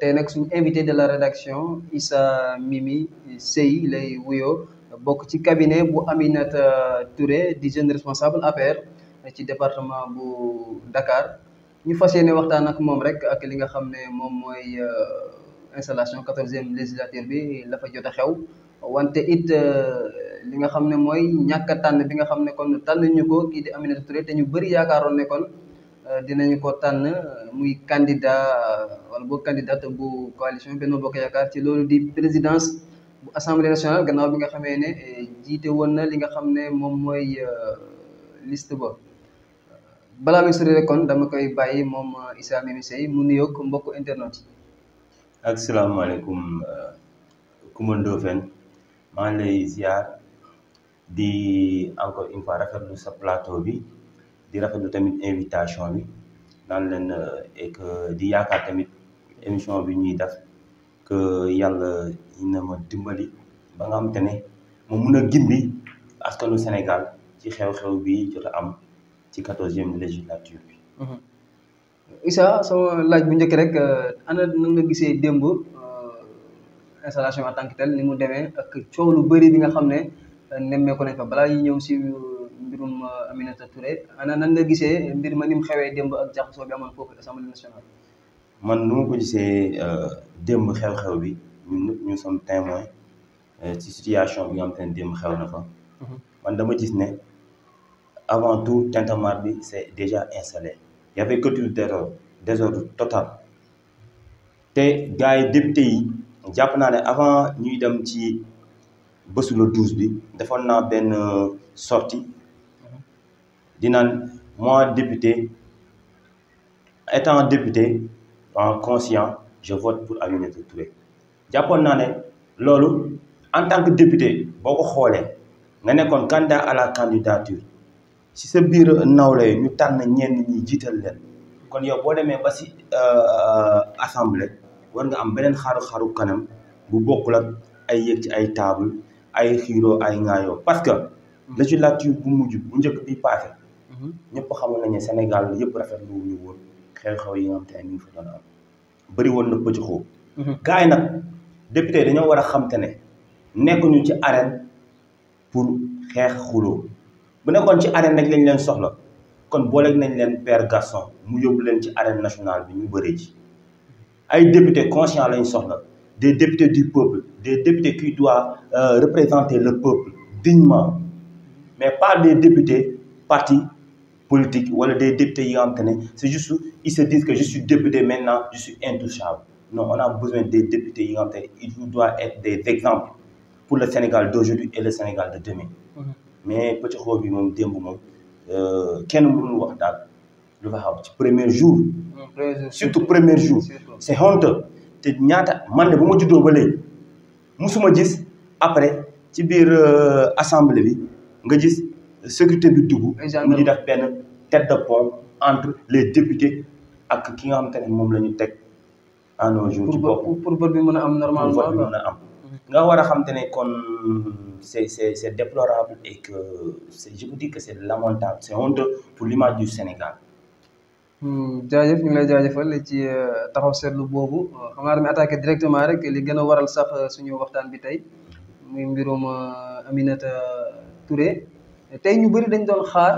tey nag suñu invité de la rédaction Issa Mimi Sey lay wuyoo bokk ci cabinet bu Aminata ture di jeune responsable affaire ci département bu Dakar ñu fas ne waxtaan ak moom rek ak li nga xam ne moom mooy euh, installation quatorzième législature bi lafa fa jot xew wante it euh, li nga xam ne mooy ñàkk tànn bi nga xam ne kon tànn ñu ko kii di Aminata Touré te ñu bëri yaakaaroon ne kon. Euh, dinañu ko tànn euh, muy candidat euh, wala boo candidat bu coalition Benno Bokk Yaakaar ci loolu di présidence bu assemblée nationale gannaaw bi nga xamee ne jiite woon na li nga xam ne moom mooy liste ba balaa muy sori kon dama koy bàyyi moom Issa Mimi Seye mu nuyoog mbokku internet yi. ak salaamaaleykum Coumba Ndoffène maa lay ziar di encore une rafet rafetlu sa plateau bi. di rafetlu tamit invitation bi naan leen et euh, que euh, di yaakaar tamit émission bi ñuy def que yàlla na ma dimbali ba nga xam te ne ma mun a gindi askanu Sénégal ci xew-xew bi jot a am ci quatorzième législature bi. Mhm. Issa sama laaj bu njëkk rek euh, ana nan nga gisee démb installation en tant ni mu demee ak coow lu bëri bi nga xam ne nemmeeku nañ fa balaa ñëw si. mbirum euh, Aminata Touré ana na nga gisee mbir ma ni mu xewee démb ak jaxasoo bi amoon foofu assemblée nationale. man nu ko gisee euh, démb xew-xew bi ñun ñëpp ñu sommes euh, ci situation bi nga xam te xew na fa. Mhm. man dama gis ne avant tout tintamarre bi c'est déjà installé. y avait culture d'erreur désordre total te gars yi député jàpp naa ne avant ñuy dem ci bésu le douze bi defoon naa benn sorti dinaan moi député étant député en conscient je vote pour Aminata Touré jàppoon naa ne loolu en tant que député boo ko xoolee nga nekkoon candidat à la candidature si sa biir nawle ñu tànn ñenn ñi jiital leen kon yow boo demee ba si euh, assemblée war nga am beneen xaru-xaru kanam bu bokkul ak ay yëg ci ay taabul ay xiiroo ay ŋaayoo parce que législature bu mujj bu njëkk bi passé ñëpp xamoon nañu Sénégal yëpp rafetlu wu ñu woon xew-xew yi nga xam te ne ñu woon na pëcc xóob. Mhm. gars yi nag député dañoo war a xam te ne nekkuñu ci arène pour xeex xuloo bu nekkoon ci arène rek lañ leen soxla kon booleeg nañ leen père garçon mu yóbbu leen ci arène nationale bi ñu bëree ji ay député conscient lañ soxla des députés du peuple des députés qui doivent euh, représenter le peuple dignement mais pas des députés partis politique wala des députés yi nga ne c'est juste ils se disent que je suis député maintenant je suis intouchable non a besoin des députés yi nga ne il vous doit être des exemples pour le Sénégal d'aujourd'hui et le Sénégal de demain mais petit xool bi moom démb moom euh, kenn mënul wax daal lu fa xaw ci premier jour surtout premier jour c'est honteux te ñaata man de bu ma juddoo ba léegi musuma gis après ci biir euh, assemblée bi nga gis sécurité bi dugg. mu ñu def benn tête de pont entre les députés ak ki nga xamante moom la ñu teg à nos jours. pour vote bi mën a am normalement pour am. nga war a xam te ne kon c'est c'est c'est déplorable et que c'est je c'est lamentable c'est honteux pour limat du Sénégal. Hmm, jaajëf ñu ngi lay jaajëfal ci euh, taxaw seetlu boobu xam naa damay attaqué directement rek li gën a waral sax euh, suñu waxtaan bi tey mu mbirum euh, Aminata Touré tey ñu bëri dañ doon xaar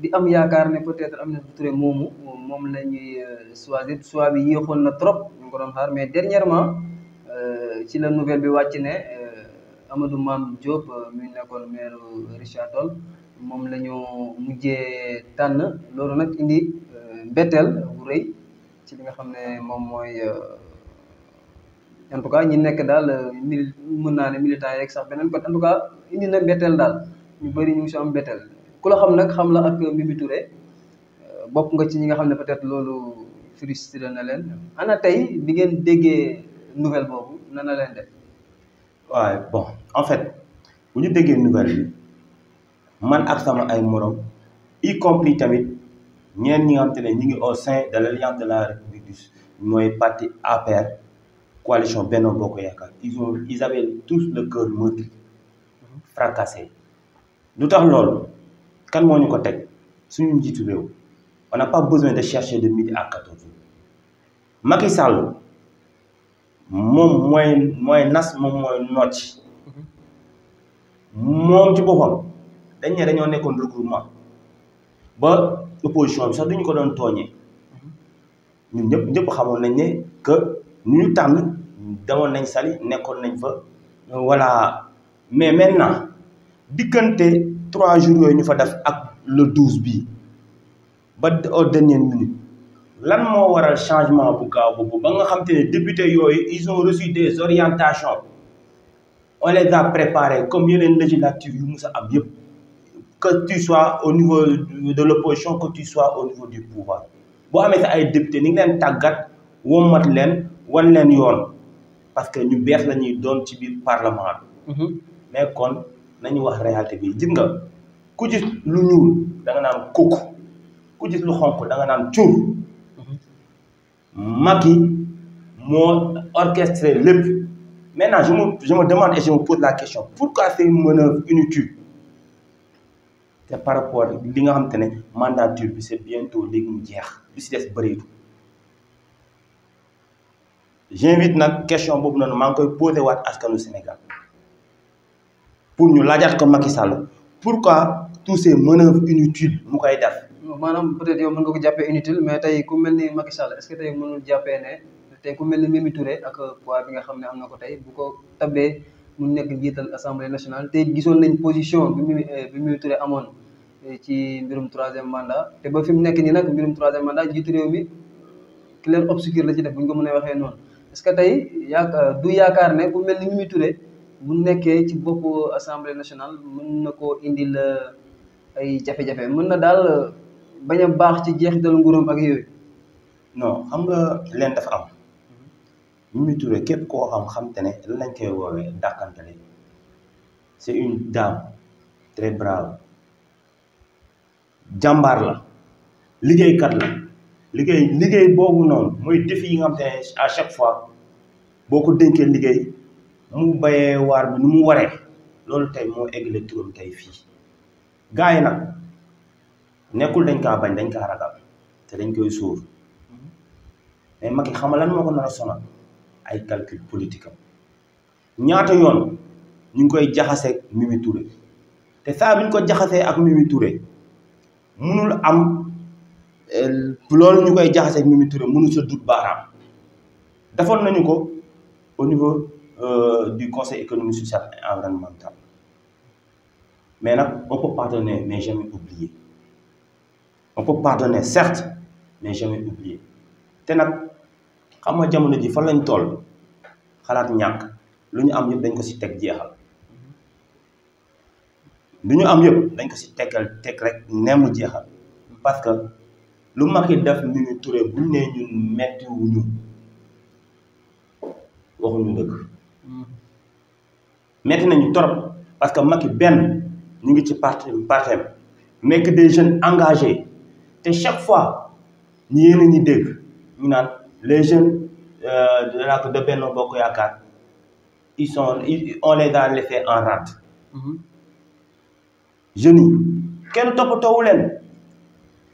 di am yaakaar ne peut-être Aminata Touré moomu moom la ñuy euh, choisir choix bi yéexoon na trop ñu ko doon xaar mais dernièrement euh, ci la nouvelle bi wàcc ne euh, Amadou Mame Diop mi nekkoon maire Richard Toll moom la ñu mujjee tànn loolu nag indi mbetteel bu rëy ci li nga xam ne moom mooy en tout cas ñi nekk daal mil mën naa ne militant yi rek sax beneen côté en indi na mbetteel daal. ñu bëri ñu ngi si am bétel ku la xam nag xam la ak Mimi Touré euh, bokk nga ci ñi nga xam ne peut-être loolu frustré na leen ana tey bi ngeen déggee nouvelle boobu na na leen def. waaye bon en fait bu ñu déggee nouvelle bi man ak sama ay morom y compris tamit ñeen ñi nga xam te ne ñu ngi au sein de l'alliance de la république du mooy parti APR coalition Benno Bokk Yaakaar ils ont ils avaient tous le cœur meurtri mhm. fracassé lu tax loolu kan moo ñu ko teg suñu njiitu réew on n'a pas besoin de chercher de midi à 14 heures Macky Sall moom mooy nas moom mooy nocc moom ci boppam dañ ne dañoo nekkoon regroupement ba opposition sax duñu ko doon tooñee ñun ñëpp ñëpp xamoon nañ ne que ñu ñu tànn demoon nañ sali nekkoon nañ fa voilà mais maintenant diggante trois jours yooyu ñu fa def ak le douze bi ba au dernière minute lan moo waral changement bu gaaw boobu ba nga xam te ne député yooyu ils ont des orientations on les a comme yeneen législature yu mus a am yëpp que tu soit au niveau de l'opposition que tu sois au niveau du pouvoir boo amee sa ay député ni ngi tàggat wommat leen wan leen yoon parce que ñu bees la ñuy doon ci biir parlement bi mm-hmm. mais kon nañu wax réalité bi gis nga ku gis lu ñuul da nga naan kukk ku gis lu xonq da nga naan cuur mm-hmm. Macky moo orchestré lépp maintenant je me je me demande et je pose la question pourquoi c'est une manœuvre inutile te par rapport li nga xamante ne mandature bi c'est bientôt léegi jeex li si des bëreetu j'invite nag question boobu noonu maa ngi koy posé waat askanu Sénégal pour ñu laajaat ko Macky Sall pourquoi tous ces manœuvres inutiles mu koy def. maanaam peut-être yow mën nga ko jàppee inutile mais tey ku mel ni Macky Sall est Mimi Touré ak poids bi nga xam ne am na ko tey bu ko tabbee mu nekk jiital assemblée nationale te gisoon nañ position bi Mimi eh, bi Mimi Touré amoon eh, ci mbirum troisième mandat te ba fi mu nekk nii nag mbirum troisième mandat jiitu réew mi clair obscur la ci def bu ñu ko mënee waxee noonu est-ce tey du yaakaar ne ku mel ni Mimi Touré. bu nekkee ci boppu assemblée nationale mën na koo indil euh, ay jafe-jafe mën na daal euh, bañ a baax ci jeex jeexital nguuram ak yooyu. non xam nga leen dafa am. Hmm. Mimi Touré képp koo xam xam te ne lan lañ koy woowee dàkkantale c'est une dame très brave jàmbaar la liggéeykat la liggéey liggéey boobu noonu mooy défi nga xam à chaque fois boo ko dénkee liggéey. mu bayee waar bi nu mu waree loolu tey moo eggale turam tey fii gars yi nag nekkul dañ kaa bañ dañ kaa ragal te dañ koy sóor mais Macky xamal lan moo ko nar a sonal ay calcul politikam ñaata yoon ñu ngi koy jaxasee Mimi Touré te saa bi ñu ko jaxasee ak Mimi Touré munul am eh, loolu ñu koy jaxasee Mimi Touré munul sa dut baaraam defoon nañu ko au niveau Euh, du conseil économique social et environnemental mais nag on peut pardonner mais jamais oublier on peut pardonner certes mais jamais oublier te nag xam nga jamono ji fan lañ toll xalaat ñàkk lu ñu am yëpp dañ ko ci teg jeexal lu ñu am yëpp dañ ko ci tegal teg rek nemm jeexal parce que lu mag yi def ni ñu turee buñ nee ñun mettiwuñu waxuñu dëgg metti nañu torop parce que Macky benn ñu ngi ci parti partem nekk des jeunes engagés te chaque fois ñu yéen a ñu dégg ñu naan les jeunes euh, de la de Benno Bokk Yaakaar ils sont on les a laissés en rade mm-hmm. jeunes yi kenn toppatoowu leen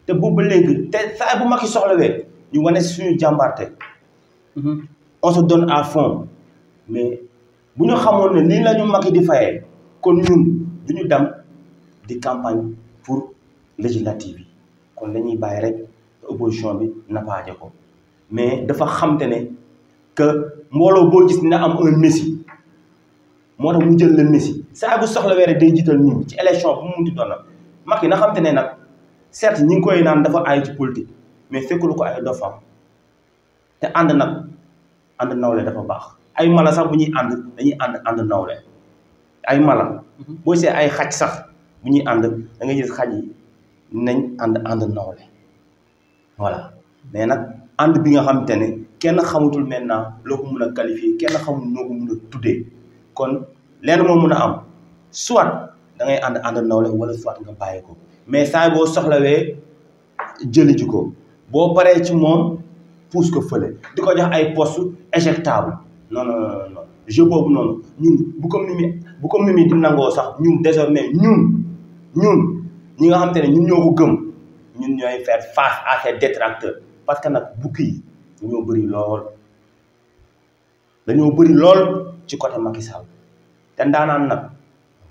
te boobu ba léegi te saa bu Macky soxlawee ñu wane suñu jàmbarte mm-hmm. on se donne à fond mais bu ñu xamoon ne nii la ñu mag di fayee kon ñun du ñu dem di campagne pour législative bi kon lañuy bàyyi rek opposition bi napaaje ko mais dafa xamte ne que mbooloo boo gis dina am un messie moo tax mu jël la messie saa bu soxla weere day jiital nit ci élection bu mu munti doon na mag yi na xamte ne nag certes ñi ngi koy naan dafa aay ci politique mais fekkul ko ay dofam te ànd nag ànd nawle dafa baax ay mala sax bu ñuy ànd dañuy ànd ànd nawle ay mala mhm. boo see ay xaj sax bu ñuy ànd da ngay gis xaj yi nañ ànd ànd nawle voilà mais nag ànd bi nga xamante ne kenn xamutul maintenant loo ko mun a qualifier kenn xamul noo ko mun a tuddee kon leen moo mun a am soit dangay ngay ànd ànd nawle wala soit nga bàyyi ko mais saa boo soxlawee jëli ko boo paree ci moom puus ko fële di ko jox ay poste éjectable non non boobu noonu ñun bu ko Mimi bu ko Mimi di nangoo sax ñun désormais ñun ñun ñi nga xam te ne ñun ñoo ko gëm ñun ñooy faire face à ces détracteurs parce que nag bukki yi dañoo bëri lool dañoo bëri lool ci côté Macky Sall te ndaanaan nag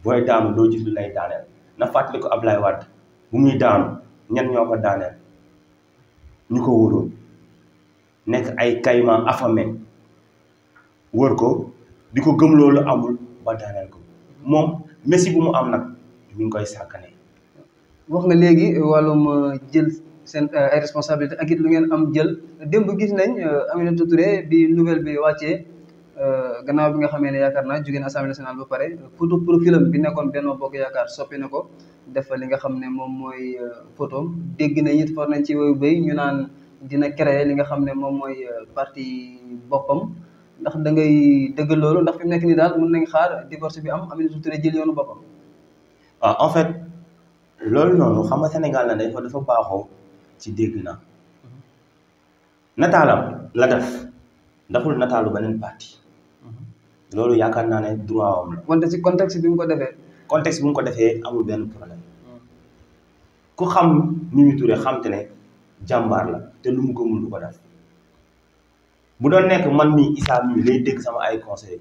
booy daanu doo gis lay daaneel na fàttali ko Ablaye Wade bu muy daanu ñen ñoo ko daaneel ñu ko wóoroon nekk ay caïman affamés wër ko di ko gëm loolu amul ba daaneel ko moom messi bu mu am nag ñu ngi koy sàkkane wax nga léegi wàllum euh, jël seen euh, ay responsabilité ak it lu ngeen am jël démb gis nañ euh, Aminata Touré bi nouvelle bi wàccee gannaaw bi nga xamee ne yaakaar naa jóge na assemblée nationale ba pare photo profilam bi nekkoon Benno Bokk Yaakaar soppi na ko def li nga xam ne moom mooy photo dégg na it for nañ ci woyu béy ñu naan dina créer li nga xam ne moom mooy parti boppam ndax dangay dëgg loolu ndax fi mu nekk nii daal mën nañ xaar divorce bi am Aminata Touré jël yoonu boppam. waaw ah, en fait loolu noonu xam nga Sénégal na dafa dafa baaxoo ci dégg na mhm. nataalam la def daful nataalu beneen parti mhm. loolu yaakaar naa ne droit am la. wante ci contexte bi mu ko defee. contexte bi mu ko defee amul benn problème mhm. ku xam Mimi Touré xam ne jàmbaar la te lu mu gëmul du ko def. bu doon nekk man mii Issa mii lay dégg sama ay conseil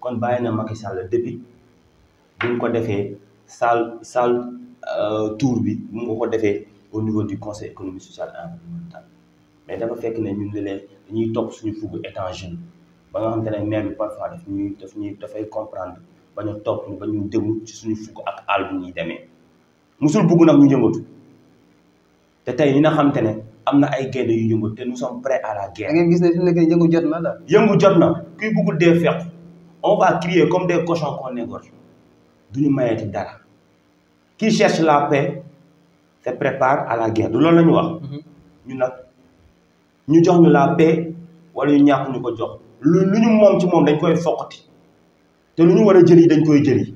kon bàyyi na Macky Sall depuis bu ñu ko defee salle salle euh, tour bi bu ñu ko defee au niveau du conseil économique social et mais dafa fekk ne ñun ne leen dañuy topp suñu fugg étant jeune ba nga xam te ne maire parfois daf ñuy daf ñuy dafay comprendre ba ñu topp ba ñu déglu ci suñu fugg ak àll bu ñuy demee musul bugg nag ñu jëngatu te tey ñi nga xam te ne am na ay gaynde yu yëngu te nous sommes prêts à la guerre. da gis ne fi yëngu jot na la. yëngu jot na kuy bugg dee fekk on va crier comme des cochons qu'on égorge du ñu ti dara ki cherche la paix se prépare à la guerre du loolu la ñu wax. Mhm. ñu nag ñu jox ñu la paix wala ñu ñàkk ñu ko jox lu ñu moom ci moom dañ koy foqati te lu ñu war a jëli dañ koy jëli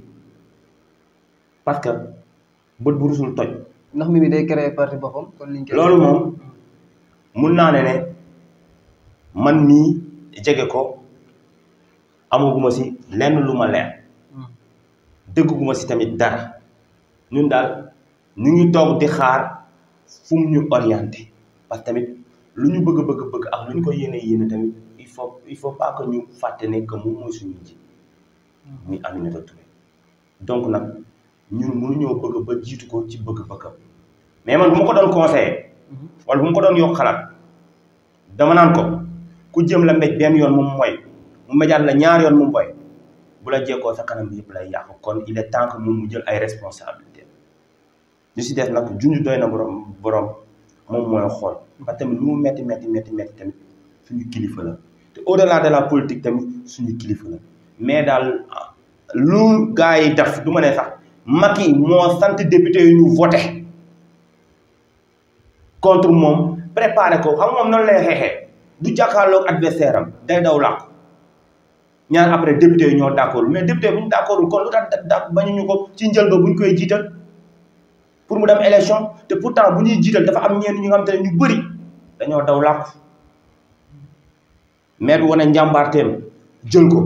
parce que bët bu rusul toj. ndax mi day créer parti boppam kon liñ koy. loolu moom. mun naa ne ne man mii jege ko amaguma si lenn lu ma leer hmm. dëgguma si tamit dara ñun daal ñu ngi toog di xaar fu mu ñu orienté parce que tamit lu ñu bëgg bëgg bëgg ak lu ñu ko yéene yéene tamit il faut il faut pas ñu fàtte ne que moom mooy suñu ji hmm. muy Aminata Touré donc nag ñun mënuñoo bëgg ba jiitu ko ci bëgg-bëggam mais man bu ko doon conseillé wala bu mu ko doon yokk xalaat dama naan ko ku jëm la mbéj benn yoon moom mooy mu méjaat la ñaar yoon moom mooy bu la jekkoo sa kanam bi yëpp lay yàqu kon il est temps que moom mu jël ay responsabilité ñu si des nag junj doy na borom borom moom mooy xool parce que tamit mu metti metti metti tamit suñu kilifa la te au delà de la politique tamit suñu kilifa la mais daal lu gars yi def du ma ne sax Macky moo sant député yu ñu voté contre moom préparé ko xam moom noonu lay xeexee du jàkkaarloog adversaire am day daw làqu ñaar après député yi ñoo d'accord mais député bu ñu d'accord kon lu tax da bañuñu ko ci njël ba bu ñu koy jiital pour mu dem élection te pourtant bu ñuy jiital dafa am ñeen ñu nga ne ñu bëri dañoo daw làqu mais bi wane njàmbaarteem jël ko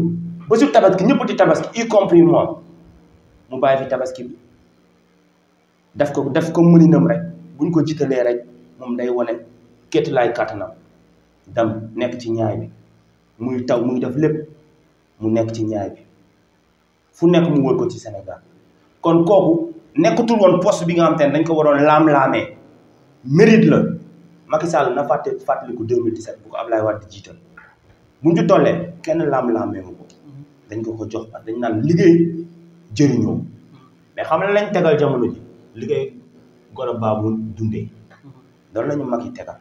ba su tabaski ñëpp di tabaski y compris mu bàyyi fi tabaski bi daf ko daf ko mëninam rek buñ ko jiitalee rek moom day wane kétti laay kàttanam dem nekk ci ñaay bi muy taw muy def lépp mu nekk ci ñaay bi fu nekk mu wër ko ci senegal kon kooku nekkatul woon post bi nga xam te ne dañ ko waroon laam-laamee mérite la Macky Sall na fàtte fàttaliku 2017 bu ko Ablaye Wade jiital bu ñu tollee kenn laam-laamee ko dañ ko ko jox parce dañ naan liggéey jëriñoo mais xam na lañ tegal jamono ji liggéey goro baabu dundee loolu la ñu mag yi tegal.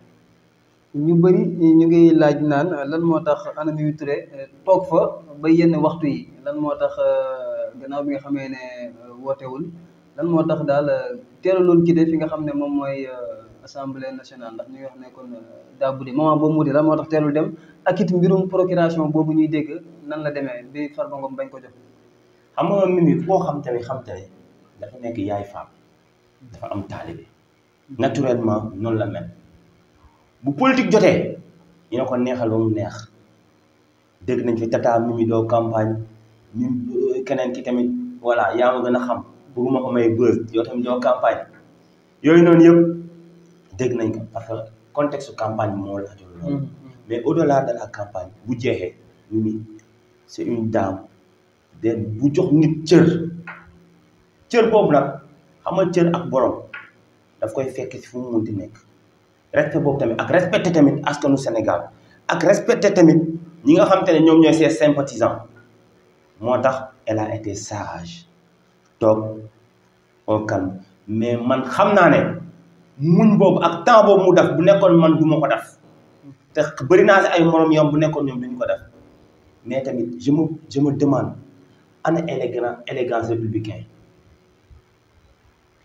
ñu bëri ñu ngi laaj naan lan moo tax Anamimi Touré euh, toog fa ba yenn waxtu yi lan moo tax euh, gannaaw bi nga xamee ne euh, wootewul lan moo tax daal teelaloon ki de fi nga xam ne moom mooy assemblée nationale ndax ñu ngi wax ne kon daa buddi moment boobu mu di lan moo tax teelul dem ak it mbirum procuration boobu ñuy dégg nan la demee bi Farba Ngom bañ ko jox. xam nga Mimi koo xam tey xam tey dafa nekk yaay faam dafa am naturellement noonu la mel bu politique jotee ñu ne ko neexaloo mu neex dégg nañ fi tata mi doo campagne ñu euh, keneen ki tamit voilà yaa ma gën a xam bëgguma ko may bës yow tamit doo campagne yooyu noonu yëpp dégg nañ ko parce que contexte campagne moo la jël loolu mm-hmm. mais au de la campagne bu jeexee ñu ni c'est une dame bu jox nit cër cër boobu nag xam nga cër ak borom daf koy fekk si fu mu munti nekk respect boobu tamit ak respecté tamit askanu Sénégal ak respecté tamit ñi nga xam te ne ñoom ñooy ses sympathisants moo tax elle été sage toog o calme mais man xam naa ne muñ boobu ak temps boobu mu def bu nekkoon man du ma ko def te bëri naa si ay morom yoom bu nekkoon ñoom du ko def mais tamit je me je me demande ana élégance élégance républicain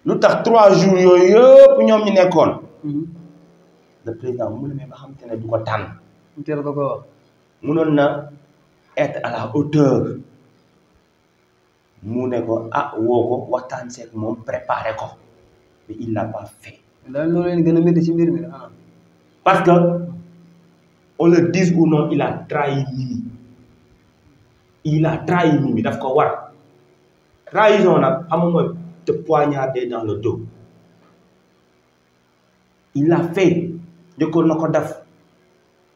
lu tax trois jours yooyu yëpp ñoom ñu nekkoon. Mhm. le président mu ne ba xam te ne du ko tànn. mu teel na être à la hauteur mu ne ko ah woo ko waxtaan seeg moom préparé ko mais il l'a pas fait. daal loolu leen gën a métti ci mbir mi ah. parce que on le dise ou non il a trahi Mimi il a trahi Mimi daf ko war trahison nag xam nga te pois dans le dos il l'a fait njëkkoon na ko def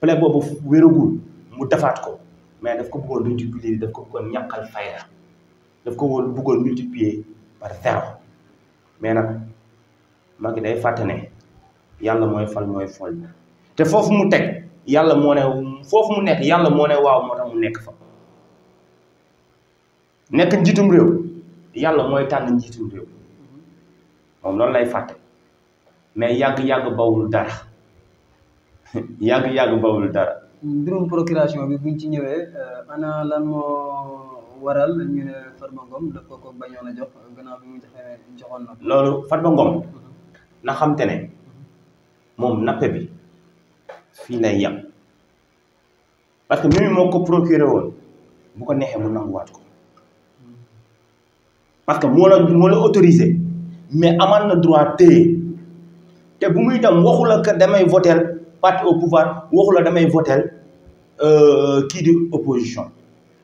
plaie boobu wéragul mu defaat ko mais daf ko bëggoon multiplier daf ko bëggoon ñàkkal fayda daf ko woon bëggoon multiplier par zéro mais nag Macky day fàtte ne yàlla mooy fal mooy fol te foofu mu teg yàlla moo ne foofu mu nekk yàlla moo ne waaw moo tax mu nekk fa nekk njiitum réew yàlla mooy tànn njiitum réew moom loolu lay fàtte mais yàgg-yàgg bawul dara yàgg-yàgg bawul dara. mbirum procuration bi buñ ci ñëwee euh, ana lan moo waral ñu ne Farba loolu Farba mhm. na xam te ne mhm. moom nappe bi fii lay yem parce que même moo ko procuré woon bu ko neexee mu nanguwaat ko. parce que moo la moo la autorisé mais amaan na droit téye te bu muy dem waxu la que damay votel parti au pouvoir waxu la damay euh, kii di opposition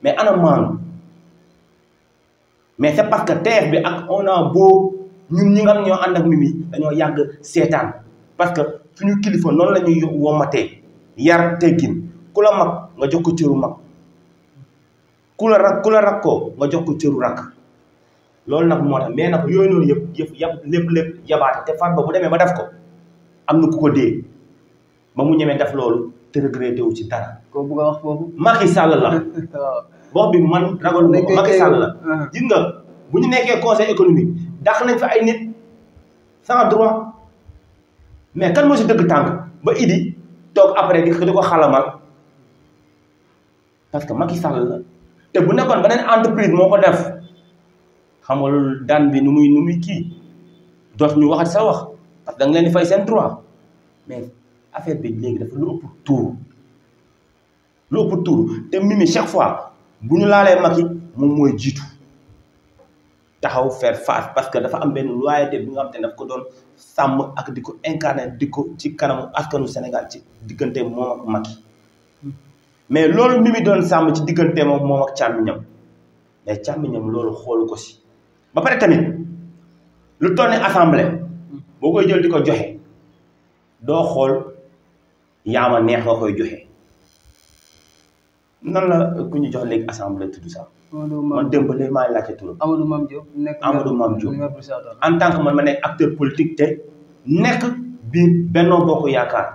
mais ana maanu mais c'est parce que terre bi ak on a ñun ñi nga xam ñoo ànd ak Mimi dañoo yàgg seetaan parce que suñu kilifa noonu la ñuy womatee yar teggin ku la mag nga jox ko cëru mag ku la rakkoo nga jox ko cëru rakk loolu nag moo tax mais nag yooyu noonu yëpp yëpp yab lépp lépp yabaate te Farba bu demee ba def ko am na ku ko dee ba mu ñemee def loolu te regretté wu ci dara. koo bëgg a wax la. waaw bi man ragal ma ko Macky Sall bu ñu nekkee conseil économique dàq nañ fa ay nit mais kan moo si dëgg tànk ba Idi toog après di di ko xalamal parce que Macky Sall la te bu nekkoon beneen entreprise moo ko def. xam nga loolu daan bi nu muy nu kii dootu ñu waxat sa wax parce que da nga leen di fay seen droit mais affaire bi léegi dafa lu ëpp tuur lu ëpp tuur te Mimi chaque fois bu ñu laalee Macky moom mooy jiitu taxaw faire face parce que dafa am benn loyauté bi nga xam te ne ko doon sàmm ak di ko incarné di ko ci kanamu askanu Sénégal ci diggante moom ak Macky mais loolu Mimi doon sàmm ci diggante moom moom ak càmmiñam mais càmmiñam loolu xoolu ko si ba pare tamit lu toll ni boo koy jël di ko joxe doo xool yaama neex nga koy joxe nan la ku ñu jox léegi assemblée tudd sax. man démb maa ngi laajte turam. Amadou Mame Diop en tant que man ne nekk acteur politique te nekk biir Benno Bokk Yaakaar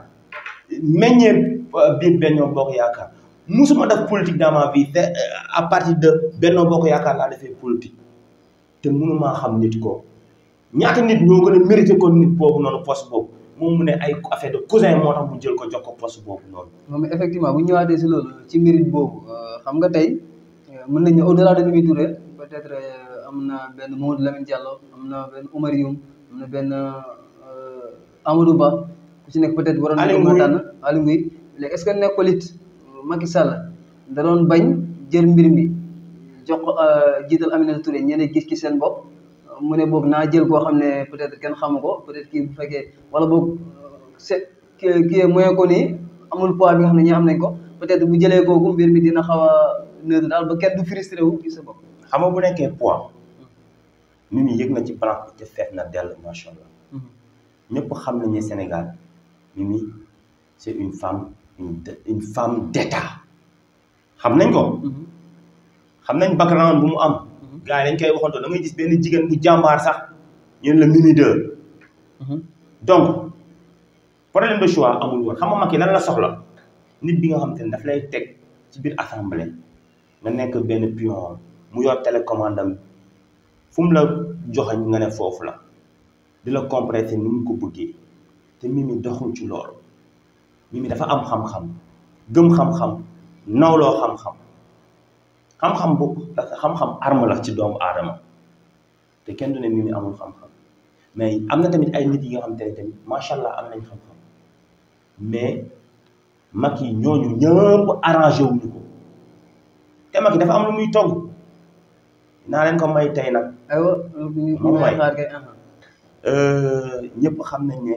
meññee euh, biir Benno Bokk Yaakaar musuma def politique dans ma vie te euh, à partir de Benno Bokk Yaakaar laa defee politique. te mënumaa xam nit ko ñaata nit ñoo ko a mérité ko nit boobu noonu post boobu moom mu ne ay affaire de cousin moo tax mu jël ko jox ko poste boobu noonu. moom effectivement bu ñu ñëwaatee si loolu ci mérite boobu euh, xam nga tey euh, mën nañu au delà de Mimi Touré peut-être euh, am na benn Mamadou Lamine Diallo am na benn Oumar Youm am na benn Amadou Ba ku ci nekk peut-être waroon nañu ko tànn Aliou Ngouye léegi est que nekkul it Macky Sall da doon bañ jël mbir mi. jox euh, jiital Aminata Touré ñeneen gis ci seen bopp mu ne boog naa jël koo xam ne peut-être kenn xamu ko peut-être kii bu fekkee wala boog euh, c'est kii moyen ko nii amul poids bi nga xam ne ñi xam nañ ko peut-être bu jëlee ku mbir mi dina xaw a neutre daal ba kenn du frustré wu gis sa bopp. xam nga bu nekkee poids. Mimi yëg na ci plan te feet na dell macha allah. Mm-hmm. ñëpp xam nañu Sénégal Mimi c'est une femme une une femme d'état xam nañ ko. Mm-hmm. xam nañ background bu mu am mhm. gars yi dañ koy waxantoo da gis benn jigéen bu jàmbaar sax ñu ne la Mimi 2 mhm. donc problème de choix amul woon xam nga Macky lan la soxla nit bi nga xam te ne daf lay teg ci biir assemblée nga nekk benn pion mu yor télécommande am fu mu la joxañ nga ne foofu la di la compressé ni mu ko bëggee te Mimi doxul ci loolu Mimi dafa am xam-xam gëm xam-xam nawloo xam-xam xam-xam bu xam-xam arme la ci doomu aadama te kenn du ne mi amul xam-xam mais am na tamit ay nit yi nga xam te ne tamit macha allah am nañ xam-xam mais mag yi ñooñu ñëpp arrangé wuñu ko te mag yi dafa am muy togg naa leen ko may tey nag. aywa moom euh, ñëpp xam nañ ne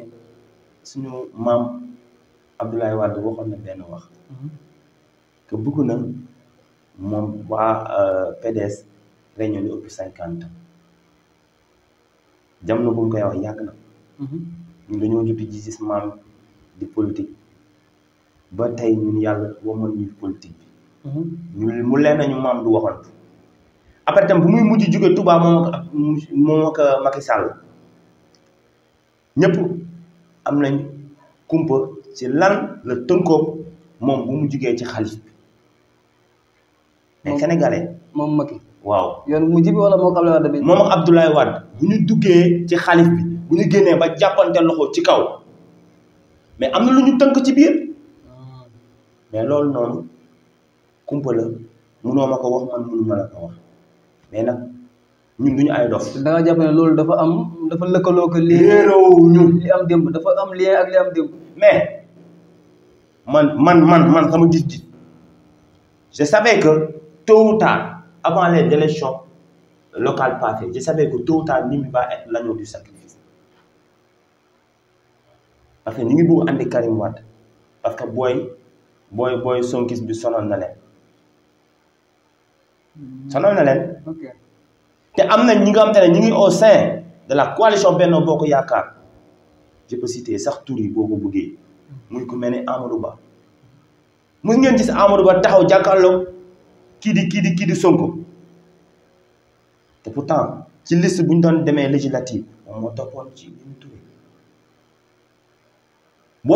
suñu maam Abdoulaye Wade waxoon na benn wax mhm. que bëgg na. moom waa euh, PDS réunion lu ëpp cinquante jamono bu ñu koy wax yàgg na mhm. ñun dañoo juddu ji gis maam di politique ba tey ñun yàlla waman ñu politique bi mhm. ñu mu leen nañu maam du waxoon après tam bu muy mujj jóge Touba moom ak moom ak Macky Sall ñëpp am nañ kumpa ci lan la tënkoom moom bu mu jugee ci xalif mais sénégalais moom Macky waaw yoon mu jibi wala moo ko Abdoulaye Wade bi moom ak Abdoulaye Wade bu ñu duggee ci xalif bi bu ñu génnee ba jàppante loxo ci kaw mais am na lu ñu tënk ci biir mais loolu noonu kumpa la munoo ma ko wax man munu ma la wax mais nag ñun duñu ay dof da nga jàpp ne loolu dafa am dafa lëkkaloo ko li réeroo ñu li am démb dafa am lien ak li am démb mais man man man man sama gis-gis je savais que tôt ou tard, avant les élections locales passées, je savais que tôt ou tard, Mimi va être l'agneau du sacrifice. Parce que ngi avons andi Karim Wade. Parce que boy, boy, boy, son bi sonal na leen. sonal na leen. te am na ñi nga xam te ne ñu ngi au sein de la coalition Benno Bokk Yaakaar je peux sax tur boo ko bëggee muy ku mel ni Amadou Ba. mu ngeen gis Amadou Ba taxaw jàkkaarloog. kii di kii di kii di Sonko te pourtant ci liste bu ñu doon demee législative moom moo toppoon ci li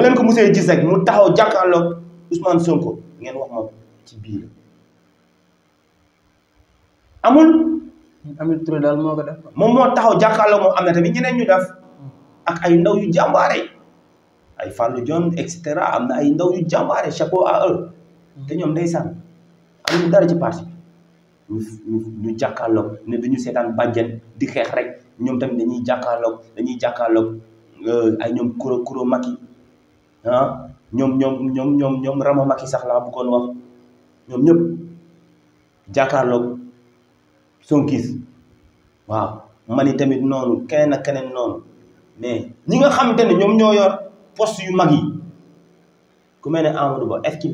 leen ko musee gis mu taxaw jàkkaarloog Ousmane Sonko ngeen wax ma ci biir amul. amul Touré daal moo ko def. moom moo taxaw jàkkaarloog moom am na tamit ñeneen ñu def ak ay ndaw yu jàmbaare ay Fallou Dione et cetera am na ay ndaw yu jàmbaare chapeau à eux te ñoom ndeysaan ñu dara ci parti ñu ñu jàkkaarloog ne dañu seetaan bàjjen di xeex rek ñoom tamit dañuy jàkkaarloog dañuy jàkkaarloog euh, ay ñoom kuro kuro Macky yi ah, ñoom ñoom ñoom ñoom ñoom Rama sax laa bëggoon wax ñoom ñëpp jàkkaarloog sonkis waaw mani tamit noonu keneen ak keneen noonu mais ñi nga xam xamante ne ñoom ñoo yor post yu mag yi ku mel ne Amadou Ba est-ce qu'il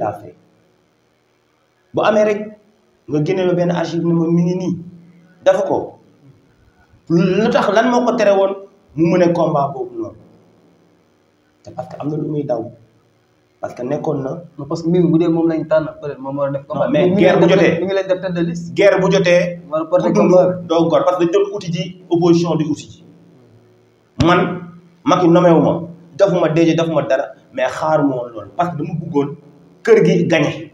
bu amee rek nga génne ma benn archive ne ma mi ngi nii dafa ko lu tax lan moo ko tere woon mu mun a combat boobu noonu te parce am na lu muy daw parce que nekkoon na. parce que mi bu dee moom lañ tànn peut être def. combat mais guerre bu jotee mi ngi leen def tête de bu jotee. war a porté combat bi doo gor parce que dañ doon uti ji opposition di uti ji man Macky nomewu ma dafuma déje ma dara mais xaar woon loolu parce que dama bëggoon kër gi gagné.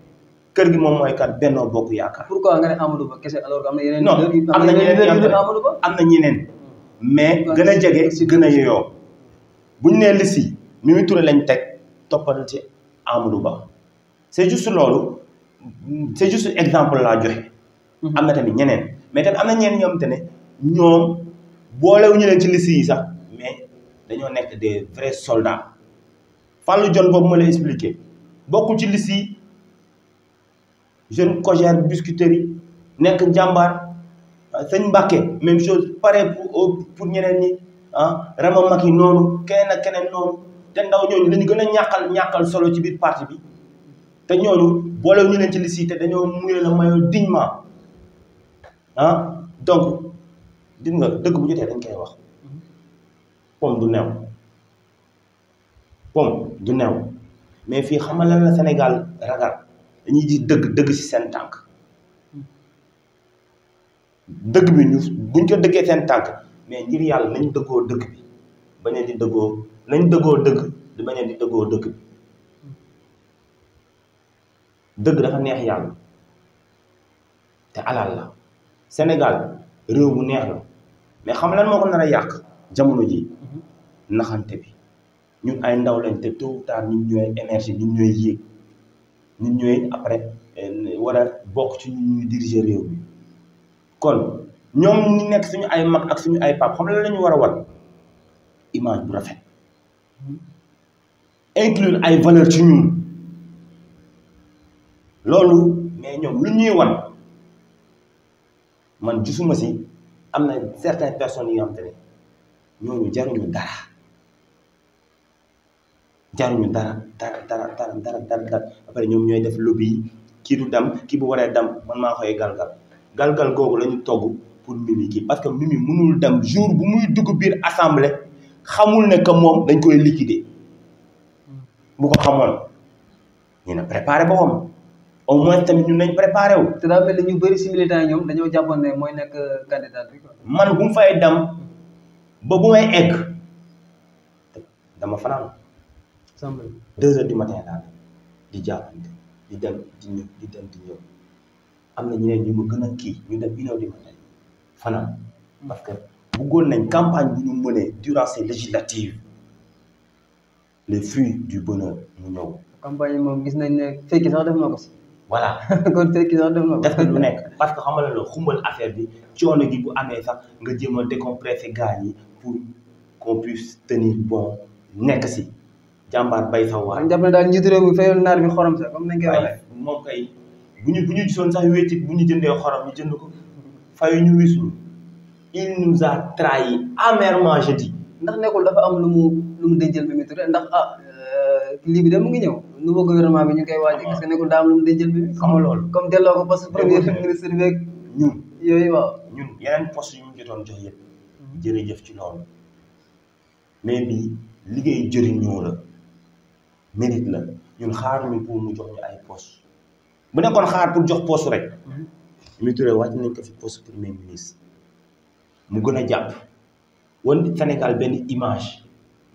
kër gi moom mooy kan Benno Bokk Yaakaar. pourquoi nga ne Amadou Ba kese alors am na yeneen. na ñeneen am na ñeneen hmm. mais gën a jege si gën a yeyoo bu ñu nee liste yi lañ teg toppal ci Amadou Ba c'est juste loolu c'est juste exemple laa joxe. Hmm. am na tamit ñeneen mais tamit am na ñeneen ñoom ne ñoom boolewuñu leen ci liste yi sax mais dañoo nekk des vrais soldats Fallou Dione boobu ma lay expliqué bokkul ci liste jeune cogère biscuiterie nekk jàmbaar sëñ Mbàkke même chose pare pour euh, pour ñeneen ñi ah Rama Maki noonu keneen ak keneen noonu te ndaw ñooñu dañu gën a ñàkkal ñàkkal solo ci biir partie bi te ñooñu boole ñu leen ci liste te dañoo muyee la mayoo dignement ah donc gis nga dëgg bu jotee dañ koy wax pom du new pom du new mais fii xamal la Sénégal ragal dañuy ji dëgg dëgg ci seen tànk dëgg bi ñu buñ ko dëggee seen tànk mais ngir yàlla nañ dëggoo dëgg bi bañ di dëggoo nañ dëggoo dëgg di bañ a di dëggoo dëgg dëgg dafa neex yàlla te alal la Sénégal réew mu neex la mais xam lan moo ko nar a yàq jamono ji naxante bi ñun ay ndaw lañ te tôt ou tard ñun ñooy énergie ñun ñooy yéeg nit ñooy après euh, war a bokk ci ñun ñuy réew bi kon ñoom ñu nekk suñu ay mag ak suñu ay pap xam la lañu war a wan image bu rafet inclure ay valeur ci ñun loolu mais ñoom lu ñuy wan man gisuma si am na certaines personnes yoo xam te ne ñooñu jaruñu dara jaruñu dara dara dara dara dara dara après ñoom ñooy def lobby yi kii du dem kii bu waree dem man maa koy galgal galgal googu la ñu togg pour Mimi kii parce que Mimi mënul dem jour bu muy dugg biir assemblée xamul ne que moom dañ koy liquider hmm. bu ko xamoon ñu ne préparé boppam au moins tamit ñun nañ préparé wu. te daa mel ni ñu bëri si militant yi ñoom dañoo jàppoon ne mooy nekk candidat bi man bu mu fay dem ba bu may egg dama fanaan. deux heures du matin di jàppante di dem di ñëw di dem di ñëw am na ñeneen ñu ma gën kii ñu dem une heure du matin fanaan hmm. parce que bëggoon nañ campagne bu ñu mënee durant ces législatives les fruits du bonheur mu ñëw. campagne moom gis nañ ne fekki sax def na ko si. voilà kon fekki sax def na ko. def na lu nekk parce que xam la loolu xumbal affaire bi coono gi bu amee sax nga jéem a décompressé gars yi pour qu'on puisse tenir bon nekk si. jàmbaar bay sa waar. kon daal njiitu réew mi fayal naar bi xorom sax comme nañ koy waxee. moom kay bu ñu bu ñu gisoon sax wéccit bu ñu jëndee xorom ñu jënd ko fayu ñu wisul il nous a trahi amèrement je dis. am lu mu lu mu denjël bi mu turé ndax ah euh, lii bi de mu ngi ñëw nouveau gouvernement bi ñu koy waaj parce que ah. nekkul daa am lu mu denjël bi xam loolu comme delloo ko poste premier ministre beeg ñun yooyu waaw ñun yeneen poste yu jotoon jox yëpp mm-hmm. jërëjëf ci loolu mais bi liggéey jëriñoo la mérite la ñun xaar xaaruñu pour mu jox ñu ay poste bu nekkoon xaar pour jox poste rek Mimi Touré wàcc nañ ko fi poste premier ministre mu gën a jàpp wan Sénégal benn image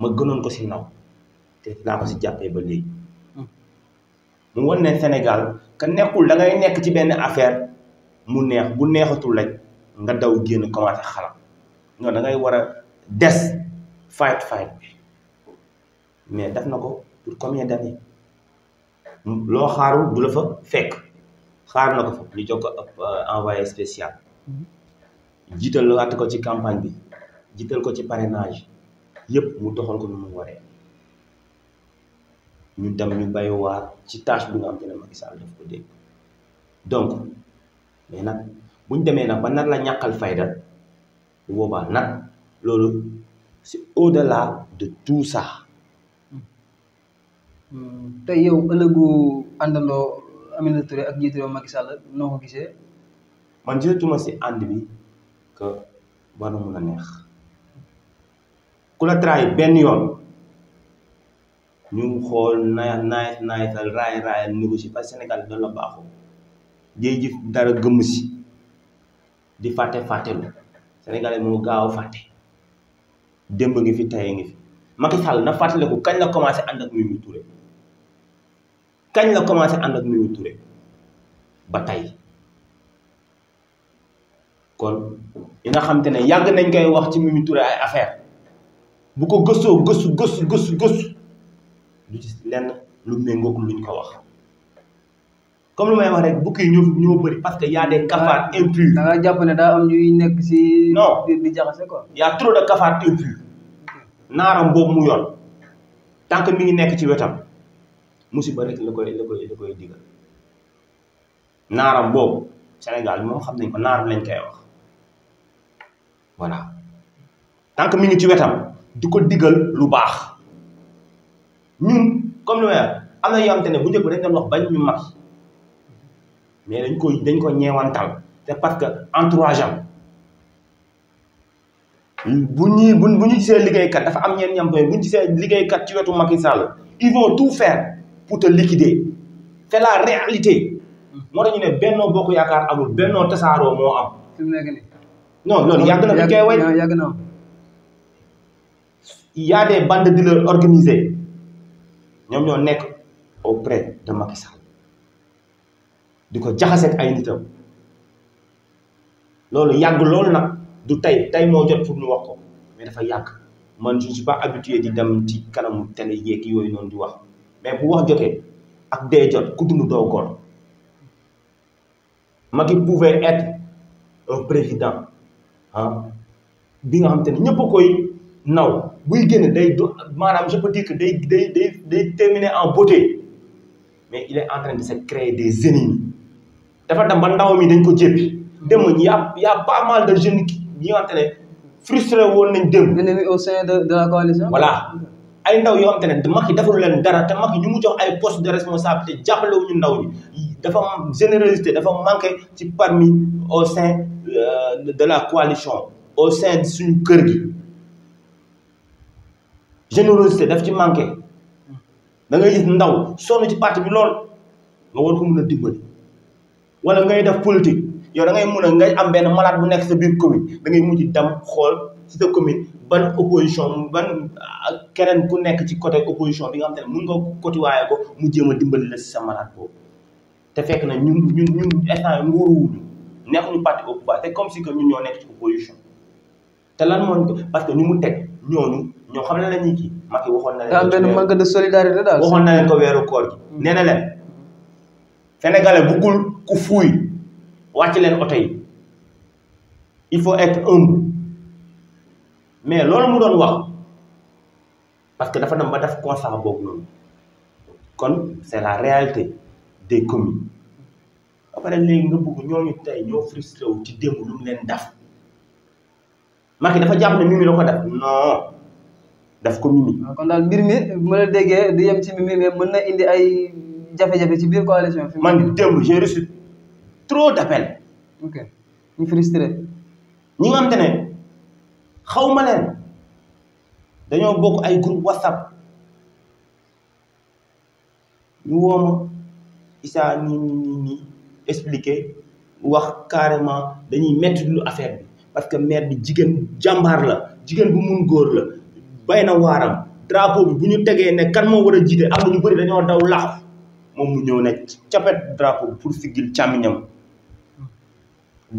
ma gënoon ko si naw te naa ko si jàppee ba léegi mu wan ne Sénégal ka nekkul da ngay nekk ci benn affaire mu neex bu neexatul rek nga daw génn commencé xalam non da ngay war a des fight fight bi mais def na ko pour combien d'années loo xaarul du la fekk xaar na ko fa ñu jox ko euh, envoyé spécial mm-hmm. jiital la àtt ko ci campagne bi jiital ko ci parrainage yëpp mu doxal ko nu mu waree ñu dem ñu bay waar ci tâche bi nga xam te ne Macky Sall ko dégg donc mais nag bu demee nag ba nar la ñàkkal fayda bu boobaa nag loolu c'est au-delà de tout ça tey yow ëllëgu àndandoo Aminata Touré ak njiitu réew Macky noo ko gisee. man jëlatuma si ànd bi que war na mun a neex ku la trahi benn yoon ñu xool naay naay naayal raay raayal négocier parce que Sénégal loolu la baaxoo jëy jëf dara gëmm si di fàtte fàttelu Sénégalais moo gaaw fàtte démb ngi fi tey ngi fi Macky Sall na fàttaliku kañ la commencé ànd ak Mimi Touré. kañ la commencé ànd ak Mimi Touré ba tey kon yi na xam te ne yàgg nañ koy wax ci Mimi Touré ay affaire bu ko gëstoo gëstu gëstu gëstu gëstu lu ci lenn lu méngoog luñ ko wax comme lu may wax rek bukki ñoo ñoo bëri parce que y a des cafards ah, impurs. jàpp ne daa am ñuy nekk si. non di jaxase quoi. y a trop de cafards impurs naaram boobu mu yoon tant que mi ngi nekk ci wetam. musiba rek la koy la koy la koy digal naaram boobu Sénégal moom xam nañ ko naaram lañ koy wax voilà tant que mi ngi ci wetam di ko diggal lu baax ñun comme li may am na yoo ne bu njëkk dañ doon wax bañ ñu mag mais dañ koy dañ ko ñeewantal te parce que entourage am bu ñuy bu bu ñu gisee kat dafa am ñeen ñam bu ñu gisee liggéeykat ci wetu Macky Sall ils vont tout faire pour te liquider c'est la réalité. Hmm. moo tax ñu ne Benno Bokk Yaakaar amul Benno tasaaroo moo am. fi loolu yàgg na bu koy way yàgg na y a des ñoom ñoo nekk auprès de Macky Sall di ko jaxaseeg ay nitam loolu yàgg loolu nag du tey tey moo jot pour ñu wax ko dafa yàgg man je ne suis pas di dem ci kanamu télé yeeg yooyu noonu di wax. mais bu wax jotee ak dee jot ku dund doo góor Macky pouvait être un président ah bi nga xam te ne ñëpp a koy naw buy génn day do maanaam je peux dire que day day day day terminer en beauté mais il est en de se créer des ennemis dafa dem ba ndaw mi dañ ko jéppi dem y' a y' a pas mal de jeunes yi nga xam te ne frustré woon nañ dem. ennemi au sein de de la voilà. ay ndaw yoo xam te ne mag yi defalu leen dara te mag ñu mu jox ay poste de responsabilité jàppalewu ñu ndaw ñi dafa générosité dafa manqué ci parmi au sein euh, de la coalition au sein de suñu kër gi générosité daf ci manqué da ngay gis ndaw sonn ci parti bi lool nga war ko mën a dimbali walla ngay def politique yow da ngay mën a ngay am benn malade bu nekk sa biir commune da ngay mujj dem xool ci sa commune ban opposition ban keneen ku nekk ci côté opposition bi nga xam te ne mun nga côtoyer ko mu jéem a dimbali la si sa malade boobu te fekk na ñun ñun ñun instant nguuruwuñu ñu parti au pouvoir te comme si que ñun ñoo nekk ci opposition te lan moon parce que ñu mu teg ñooñu ñoo xam ne la ñuy kii Macky waxoon na leen. daa am benn manque de solidarité daal. waxoon na leen ko weeru koor gi. Mm-hmm. nee na bu sénégalais ku fuuy wàcc leen oto il faut être humble. mais loolu mu doon wax parce que dafa dem ba def constat boobu noonu kon c'est la réalité des communes ba pare léegi nga bëgg ñooñu tey ñoo frustré wu ci démb lu mu leen daf Macky dafa jàpp ne Mimi la ko def non daf ko Mimi. Ah, kon daal mbir mi bu déggee du yem ci Mimi mais mën na indi ay jafe-jafe ci biir coalition fi man démb j'ai reçu trop d'appels. ok ñu frustré. ñi nga ne. xawma ma dañoo bokk ay groupe whatsapp ñu wooma Issa nii nii nii expliqué wax carrément dañuy metti lu affaire bi parce que maire bi jigéen jàmbaar la jigéen bu mun góor la bay na waaram drapeau bi bu ñu tegee ne kan moo war a jiite am na ñu bëri dañoo daw laaxu moom mu ñëw ne capet drapeau pour siggil càmmiñam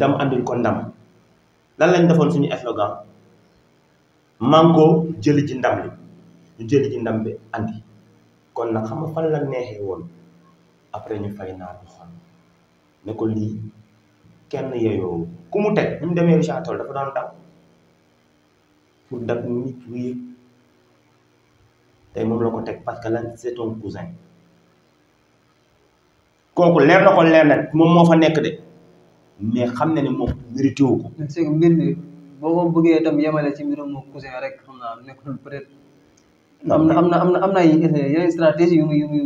dam andil ko ndam lan lañ defoon suñu slogan mànkoo jëli ci ndam li ñu jëli ci ndam bi andi kon nag xam nga fan la neexee woon après ñu fay naar bu xol ko lii kenn yeyoo ku mu teg ñu demee Richard Toll dafa doon daw pour dab nit wii moom la ko teg parce que la c'est ton cousin kooku leer na ko leer na moom moo fa nekk de mais xam na ne moom mérité wu boo ko bëggee itam yemale ci mbirum cousin rek xam naa nekkul peut être. am na am na am na am na yeneen stratégie yu muy yu muy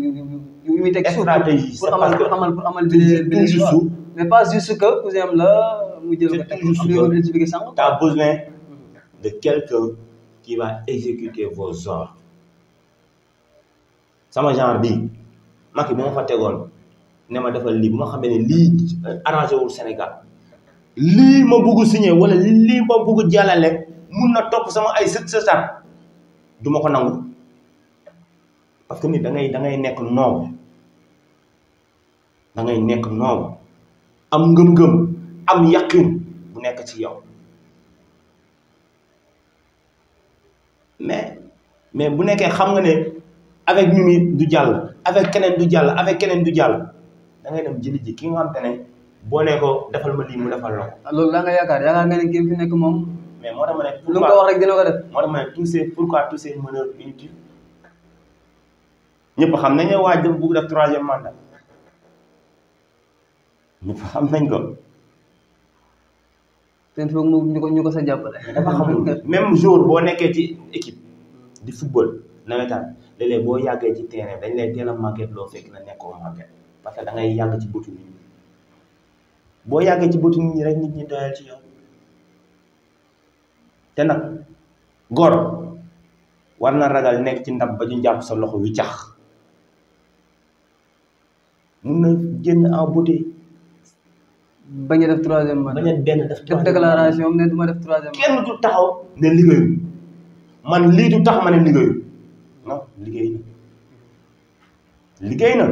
yu muy teg. stratégie pour amal pour amal pour amal benn suuf mais pas juste que cousin jël ko teg am na lu expliqué sànq. Mm-hmm. de quelqu'un qui va exécuter vos ordres. sama genre bi Macky bi ma fa tegoon ne ma defal lii bu ma xamee ne lii arrangé Sénégal. lii ma bugg signé wala lii ma bugg jàllale mun na topp sama ay sët sëtaat du ma ko nangu parce que ni da ngay da ngay nekk noobu da nekk noobu am ngëm-ngëm am yaqin bu nekk ci yow mais mais bu nekkee xam nga ne avec Mimi du jàll avec keneen du jàll avec keneen du jàll da ngay jëli ji ki nga xam te ne boo nee ko defal ma lii mu defal la ko. Ah, loolu daa nga yaakaar yaakaar nga ne kii fi nekk moom. mais moo tax ma ne. lu nga ko wax rek dina ko def. moo tax ma xam nañ ne waa jëm bugg def troisième mandat ñëpp nañ ko. ten foog ñu ko ñu ko sa jàppale. dafa xamul jour boo nekkee ci équipe di football nawetaan léeg boo yàggee ci terrain dañ lay teel a màgget loo fekk na nekkoo màgget parce que da yàgg ci bëtu nit boo yàggee ci bëtu nit ñi rek nit ñi doyal ci yow te nag góor war na ragal nekk ci ndab ba ñu jàpp sa loxo wi cax mun na génn en beauté bañ a def troisième man bañ benn def def déclaration ne du ma def troisième kenn du taxaw ne liggéeyu man lii du tax ma ne liggéeyu liggéey na liggéey na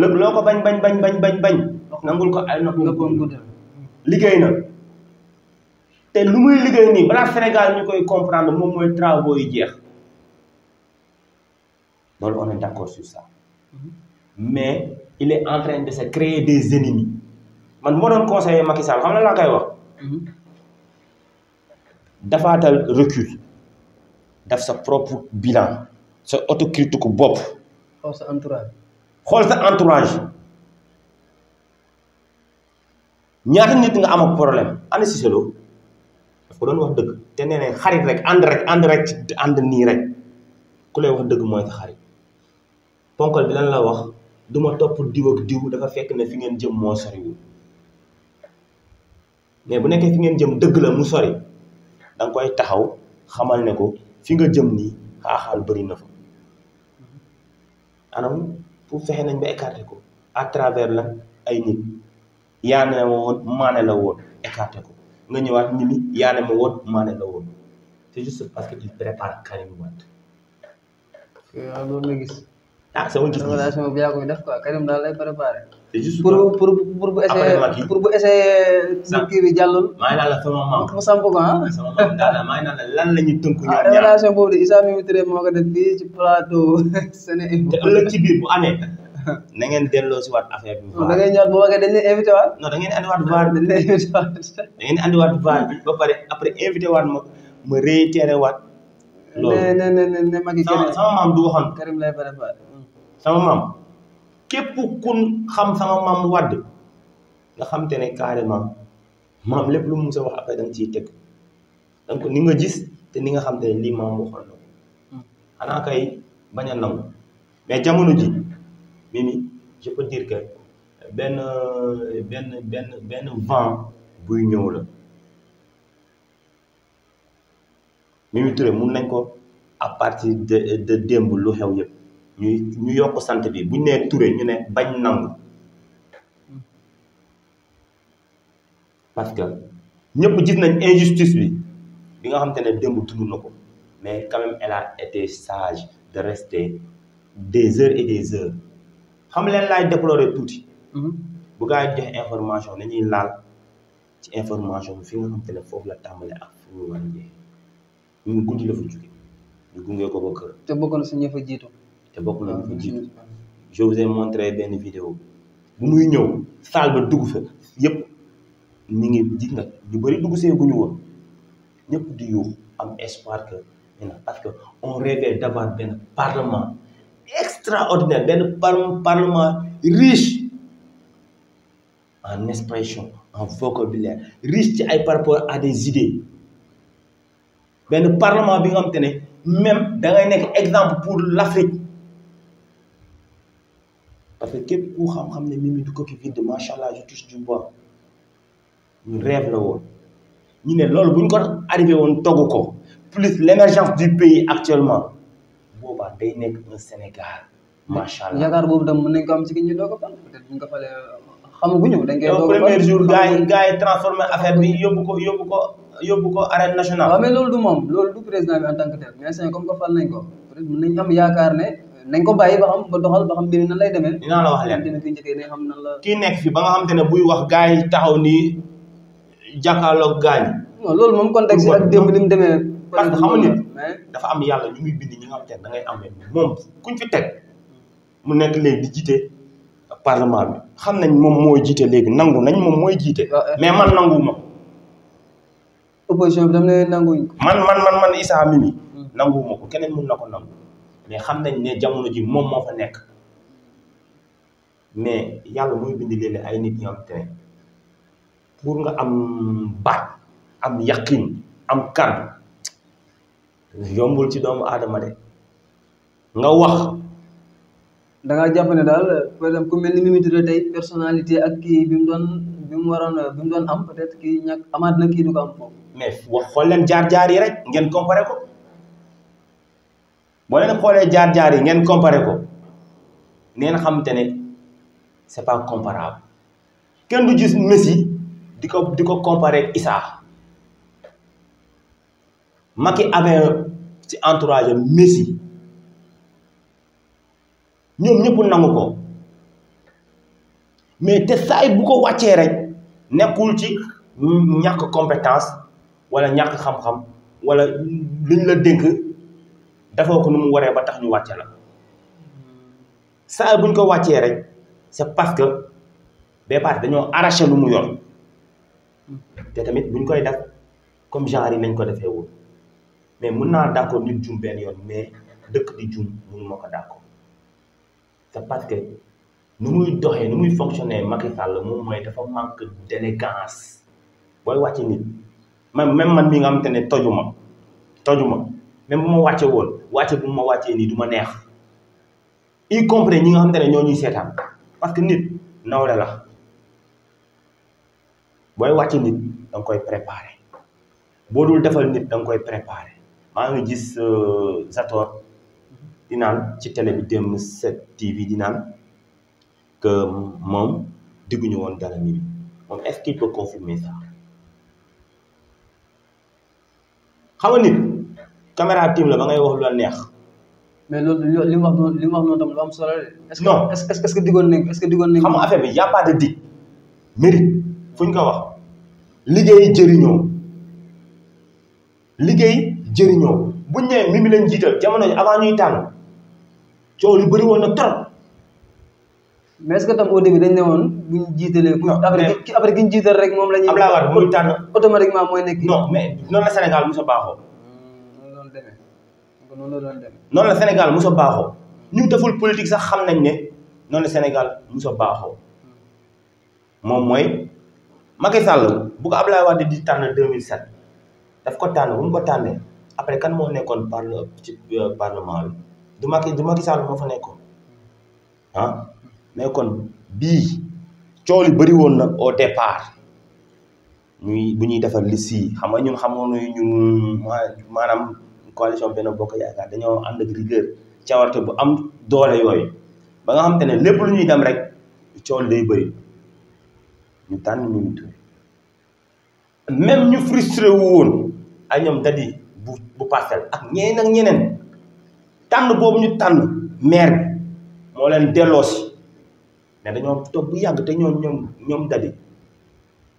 lëg loo ko bañ bañ bañ bañ bañ bañ nangul ko ay nopp nga mm-hmm. liggéey na te lu muy liggéey nii balaa Sénégal ñu koy comprendre moom mooy travaux yi jeex loolu on est d'accord sur ça mm-hmm. mais il est en de se créer des ennemis man moo doon conseiller Macky Sall xam na laa koy wax mm-hmm. dafaatal recul daf sa propre bilan sa autocritique bopp xool sa entourage xool sa entourage ñaata nit nga am ak problème ana Cissé Lo daf ko doon wax dëgg te nee nañ xarit rek ànd rek ànd nii rek ku lay wax dëgg mooy sa xarit ponkal bi lan la wax du ma topp diw ak diw dafa fekk ne fi ngeen jëm moo soriwul mais bu nekkee fi ngeen jëm dëgg la mu sori da nga koy taxaw xamal ne ko fi nga jëm nii xaaxaal bëri na fa anam pour fexe nañ ba ko à travers lan ay nit. yaane woon maane la woon ma woon maane la woon c'est juste parce que il prépare Karim Wade. waaw loolu la gis. ah sama gis relation bi pour pour pour bu essayé bu essayé. sa kii bi jàllul. la sama ko ah. sama maam daal maa ngi naan la tënk. Ah, ñaar relation boobu de Issa Mimi Touré moo ko fii ci plateau Sénégal. te biir bu amee. na ngeen delloo si waat affaire bi. da ngeen ñëwaat bu boobaa dañ leen invité waat. non da ngeen andiwaat vaar dañ leen invité waat. da ngeen andiwaat vaar bi ba pare après invité waat ma ma réitéré waat. loolu ne ne ne ne Macky sama sama maam du waxoon. Karim lay préparé. sama maam képp kun xam sama maam wadd nga xam te ne carrément maam lépp lu mu sa wax après da nga ciy teg donc ni nga gis te ni nga xam te ne lii maam waxoon na ko hmm. xanaa kay bañ a nangu mais jamono ji. Mimi je peux dire que benn benn benn benn vent buy ñëw la Mimi Touré mun nañ ko a partir de de démb lu xew yëpp ñu ñu yokk sant bi bu ñu nee Touré ñu ne bañ nangu parce que ñëpp gis nañ injustice bi bi nga xam xamante ne démb dund na ko mais quand même elle a été sage de rester des heures et des heures xam leen laay déplorer tuuti. Mhm. bu gaa yi joxe information dañuy laal ci information bi fi nga xam ne foofu la tàmbale ak fu mu war a jeexee ñun guddi la fa jóge ñu gunge ko ba te bokk na si ña fa te bokk na ñu fa jiitu. je vous ai montré benn vidéo bu muy ñëw saal ba dugg fa yëpp ni ngi gis nga ñu bëri dugg see gu ñu woon ñëpp di yuux am espoir que parce que on rêvait d'avoir benn parlement. extraordinaire benn parlement riche en expression en vocabulaire riche ci ay par rapport à des idées benn parlement bi nga xam te ne même da ngay nekk exemple pour l'Afrique parce que képp ku xam-xam ne Mimi du coquille vide macha allah je touche du ñu rêve la woon ñu ne loolu bu ñu ko arrivé woon togg ko plus l'émergence du pays actuellement boobaa day nekk un Sénégal macha allah. yaakaar boobu tam mun nañ ko am ci ki ñu doog a fal peut-être bu ñu ko falee euh, xamaguñu. dañ koy doog a fal premier jour gars yi gars bi yóbbu ko yóbbu ko yóbbu ko arène nationale. mais loolu du moom loolu du président bi en tant tel mais c'est comme que fal nañ ko peut-être mën am yaakaar ne nañ ko bàyyi ba xam ba doxal ba xam mbir nan lay demee. dinaa la wax leen dina fi njëkkee nekk fi ba nga xam te buy wax gars yi taxaw ni jàkkaarloog gars yi. non loolu moom contexte ak démb li mu demee. dafa am yàlla ñu muy bind ñi nga xam te da ngay am moom kuñ fi teg mu nekk léegi di jiite parlement bi xam nañ moom mooy jiite léegi nangu nañ moom mooy jiite. mais man nanguwuma ko. opposition bi dama man man man man Issa hmm. keneen mun na ko nangu xam nañ ne jamono ji moom moo fa nekk mais yàlla mooy bind léeg-léeg ay nit ñoo am te pour nga am baat am yaqin am kàddu. yombul ci doomu aadama de nga wax. da ngaa jàpp ne daal par ku mel ni Mimi tey personnalité ak kii bi doon bi mu waroon bi doon am peut-être kii ñàkk amaat na kii du ko am foofu. mais wax xool jaar-jaar yi rek ngeen comparé ko boo leen xoolee jaar-jaar yi ngeen comparé ko neen xamante ne c'est pas comparable kenn du gis Messi di ko di ko comparé Issa. Macky amee ci entourage am Messi ñoom ñëpp nangu ko mais te saay bu ko wàccee rek nekkul ci ñàkk compétence wala ñàkk xam-xam wala luñ la dénk defoo ko nu mu waree ba tax ñu wàcce la saay buñ ko wàccee rek c'est parce que bee parti dañoo arraché lu mu yoon te tamit buñ koy def comme genre yi lañ ko defee wul mais mun naa d'accord nit jum benn yoon mais dëkk di jum mënuma ko d'accord c'est parce que nu muy doxee nu muy fonctionner Macky Sall moom mooy dafa manque d'élégance booy wàcce nit man même man mi nga xamante ne toju ma toju ma même bu ma wàcce woon wàcce bu ma wàccee nii du ma neex y compris ñi nga xamante ne ñoo ñuy seetaan parce que nit nawle la booy wàcce nit da koy préparer boo dul defal nit danga koy préparer maa ngi gis sator euh, di naan ci télé bi dem 7TV di naan que moom digguñu woon dara nii moom est-ce qu'il peut confirmer ça xam nga nit caméra team la ba ngay wax lu la neex. mais loolu li mu wax noonu li mu wax noonu am solo est-ce que est-ce que diggoon nañ xam nga affaire bi a pas de dig mérite fu ñu ko wax liggéey jëriñoo liggéey. jëriñoo buñ nee Mimi lañ jiital jamono ji avant ñuy tànn coow li bëri woon na trop. mais est-ce que tam au début dañ ne woon buñ jiitalee. après ki après ki moom jiital rek moom la ñuy. Abdoulaye Wade muy tànn automatiquement mooy nekk. non mais noonu la Sénégal musa baaxoo. Hmm, noonu la doon demee noonu baaxoo ñu deful politique sax xam nañ ne noonu la Sénégal musa baaxoo moom mooy Macky Sall bu ko Abdoulaye Wade di tànn 2007 daf ko tànn bu mu ko tànnee. après kan moo nekkoon parle ci euh, parlement bi du Macky du Macky Sall fa nekkoon ah mais kon bii coow li bëri woon nag au départ ñuy bu ñuy defar liste yi xam nga ñun xamoo nañu ñun maanaam coalition Benno Bokk Yaakaar dañoo ànd ak rigueur cawarte bu am doole yooyu ba nga xam te ne lépp lu ñuy dem rek coow day bëri ñu tànn ñu Mimi Touré ñu frustré woon ay ñoom dadi bu bu parcelle ak ñeneen ñeneen tànn boobu ñu tànn maire bi moo leen delloosi mais dañoo bu yàgg te ñoom ñoom ñoom dadi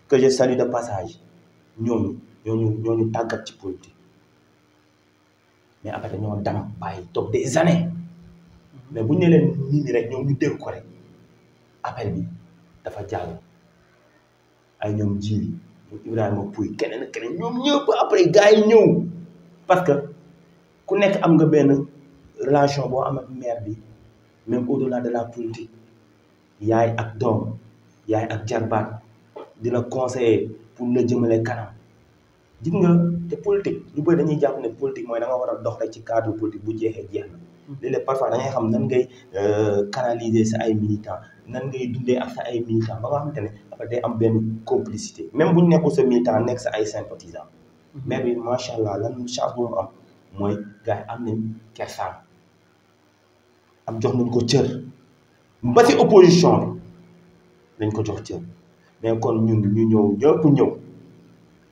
que de passage ñooñu ñooñu ñooñu tàggat ci politique mais après dañoo dam bàyyi toog des années mais bu ñu ne leen nit ñi rek ñoom ñu dégg ko rek appel bi dafa jàll ay ñoom jiili ñoom Ibrahima keneen keneen ñoom ñëpp après gars yi ñëw parce que ku nekk am nga benn relation boo am ak maire bi même au delà de la politique yaay ak doom yaay ak jarbaat dina la conseiller pour la jëmale kanam gis nga lu bëri dañuy jàpp ne politique mooy da war a dox rek ci cadre politique bu jeexee jeex na léeg-léeg parfois da xam nan ngay euh, canaliser sa ay militants nan ngay dundee ak sa ay militants ba nga xamante ne après day am benn complicité même bu ñu nekkul sa militant nekk sa ay sympathisants. Mhm. maire bi macha allah lan mu chance bu am mooy gars yi am nañ kersaam am jox nañ ko cër ba ci opposition bi nañ ko jox cër mais kon ñun ñu ñëw ñëpp ñëw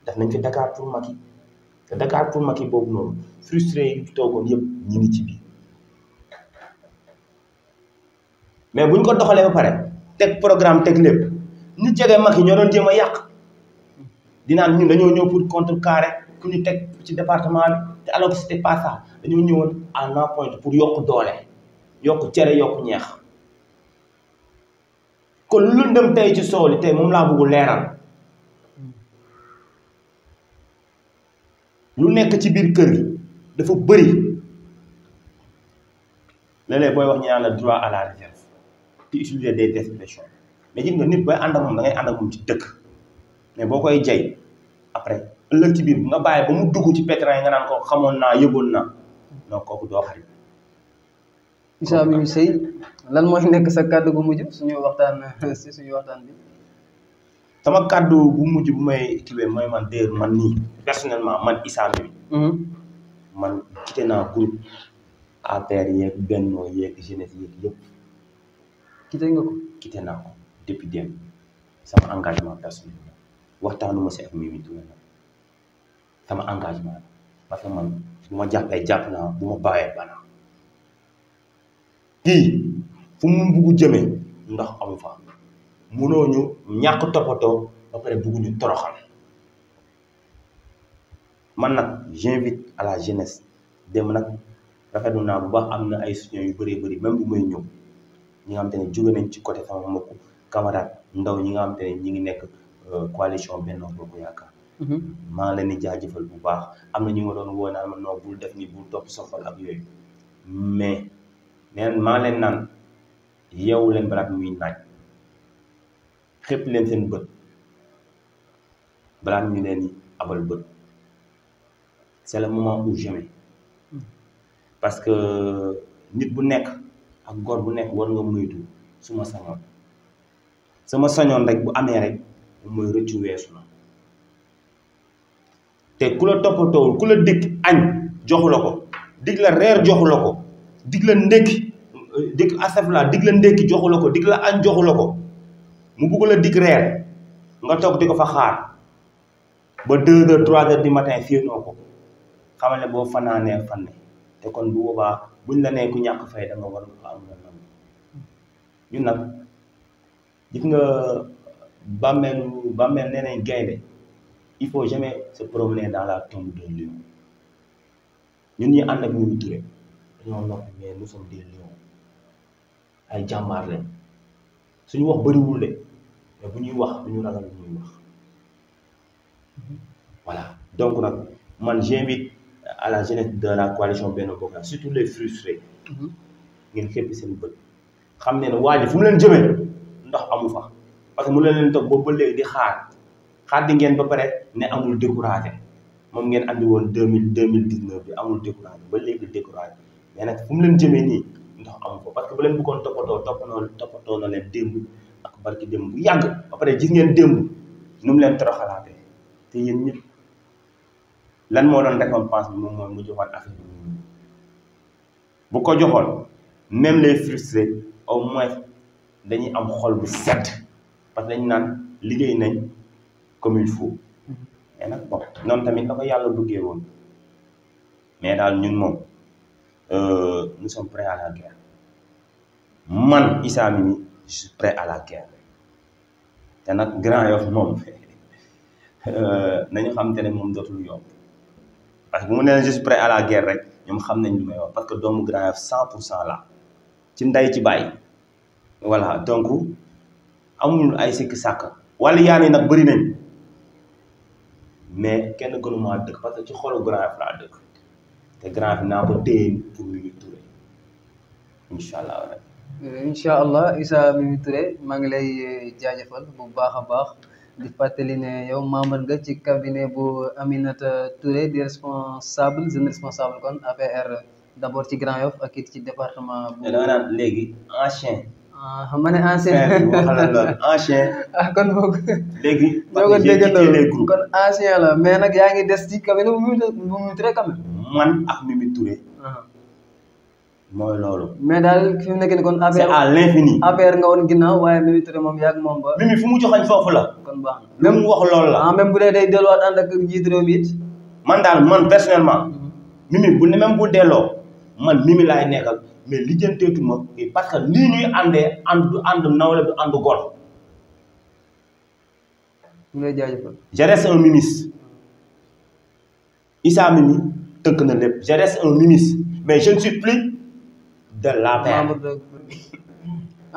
daf nañ fi Dakar pour Macky te Dakar pour Macky boobu noonu frustré yi fi toogoon yëpp ñu ngi ci biir mais buñ ko doxalee ba pare teg programme teg lépp ñu jege yi ñoo doon jéem a yàq. dinaan ñun dañoo ñëw pour contrecarrer ku ñu teg ci département te alors que dañoo ñëwoon en appoint pour yokk doole yokk cere yokk ñeex kon lu dem tey ci soow li tey moom laa bëggu leeral lu nekk ci biir kër dafa bëri léeg booy wax ñu naan la droit à la réserve di utiliser des expressions mais gis nga nit booy ànd ak moom da ngay ak moom ci dëkk mais boo koy jay après ëllëg ci biir nga bàyyi ba mu dugg ci pétrin yi nga naan ko xamoon naa yëgoon naa donc kooku doo xarit. incha allah sëy lan mooy nekk sa kàddu gu mujj suñu waxtaan si kàddu bu mujj bu may kiwee mooy man déer man nii personnellement man Issa Mby mhm. man quitté naa groupe APR yeeg Benno yeeg jeunesse yëpp. quitté nga ko quitté naa ko depuis démb sama engagement personnel. waxtaanuma si ak Mimi Touré sama engagement la parce que man bu ma jàppee jàpp naa bu ma bàyyee bana kii fu mu buggu jëmee ndax amu fa mënoo ñu ñàkk toppatoo ba pare bugg ñu toroxal man nag j'invite à la jeunesse dem nag rafetlu naa bu baax am na ay suñu yu bëree bëri même bu may ñëw ñi nga xam te ne jóge nañ ci côté sama mbokku camarade ndaw ñi nga xam te ñi ngi nekk Euh, coalition Benno Bokk Yaakaar. Mhm. maa ngi leen di jaajëfal bu baax am na ñu ma doon woo naan ma non bul def ni bul topp sa xol ak yooyu mais neen maa naan yeewu leen balaa muy naaj xëpp leen seen bët balaa ñu leen abal bët c'est le moment ou jamais mhm. parce que nit bu nekk ak góor bu nekk war nga moytu su ma sañoon sama sañoon rek bu amee rek. mooy rëccu te ku la toppatoowul ku la dig añ joxu ko dig la reer joxu ko dig la ndëkk dig asafla dig la ndékki joxu ko dig la añ joxu ko mu bugg la dig reer nga toog di ko fa xaar ba deux heures trois heures du matin féenoo ko xamal ne boo fanaanee fanne te kon bu boobaa buñ la nee ku ñàkk fay da war a am ñun nag gis nga bàmmeelu bàmmeel nee nañ gaynde il faut jamais se promener dans la tombe d'un lion ñun ñi ànd ak Mimi Touré dañoo noppi mais ay jàmbaar suñu wax bëriwul de mais bu ñuy wax du ñu ragal wax voilà donc nag man j'invite à la jeunesse de la coalition Benno Bokk Yaakaar surtout les frustrés mhm. ngeen xéppi seen bët xam ne ne waa ji leen jëmee ndox amufa parce que mu na leen toog boobu ba léegi di xaar xaar di ngeen ba pare ne amul découragé moom ngeen andi woon deux mille deux mille dix neuf bi amul découragé ba léegi découragé mais nag fu mu leen jëmee nii ndox amu ko parce que bu leen bëggoon toppatoo toppatoo toppatoo na leen démb ak barki bu yàgg ba pare gis ngeen démb nu leen toroxalaatee te yéen ñëpp moo doon récompense bi moom mooy mu joxoon affaire bu ko joxoon même les frustrés au moins dañuy am xol bu sedd. parce que naan liggéey nañ comme il faut mais nag bon noonu tamit la yàlla bëggee woon mais daal ñun moom euh, nous sommes prêts à la guerre man Issa Mimi je suis à la guerre te nag Grand Yoff moom euh, nañu xam te ne moom dootul yomb parce que bu mu nee je suis à la guerre rek ñoom xam nañ lu may wax parce que doomu Grand Yoff cent pour cent la ci ndey ci bàyyi voilà donc amul ay sikki sàkk wala yaa nag bëri nañ mais kenn gënu maa dëkk parce que ci xolu Grand Yoff laa dëkk te Grand Yoff naa ko téye incha allah rek. incha allah Issa Mimi Touré maa ngi lay eh, jaajëfal bu baax a baax di fàttali ne yow membre nga ci cabinet bu Aminata Touré di responsable jeune responsable kon APR d' abord ci Grand Yoff ak it ci département bu. da nga naan léegi waaw ah, ma ne hmm. ancien waxal la loolu ancien. ah kon boog. léegi ñoo ko déggandoo kon ancien la mais nag yaa ngi des ci cabine bu Mimi ah. mooy loolu. mais daal fi mu nekk nii kon. affaire c'est à l'infini. affaire nga woon ginnaaw moom yaa ngi fu mu joxañ foofu la. kon baax na même wax loolu la. ah même bu dee day delluwaat ànd ak njiitu mi man daal man personnellement. Mm-hmm. Mimi bu ne même bu delloo man Mimi laay nekkal. mais lijjanteetu ma parce que lii ñuy àndee ànd du ànd nawle du ànd góor. ñu lay jaajëfal. je Issa Mimi tënk na lépp je reste un mais jeune ne suis plus de l'APR.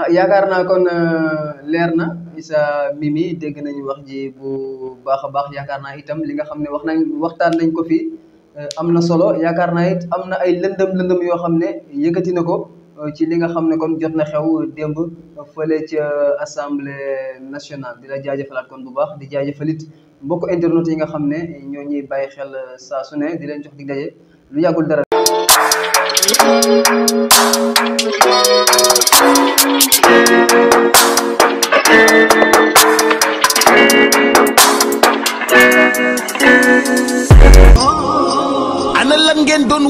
Ah, yaakaar naa kon euh, leer na Issa Mimi dégg nañu wax ji bu baax a baax yaakaar naa itam li nga xam ne wax nañ waxtaan nañ ko fii. Euh, am na solo yaakaar naa it am na ay lëndëm lëndëm yoo xam ne yëkkati na ko euh, ci li nga xam ne kon jot na xew démb fële ca euh, assemblée nationale di la jaajëfalaat kon bu baax di jaajëfalit mbokk internet yi nga xam ne ñoo ñuy bàyyi xel saa su ne di leen jox di daje lu yàggul dara. doon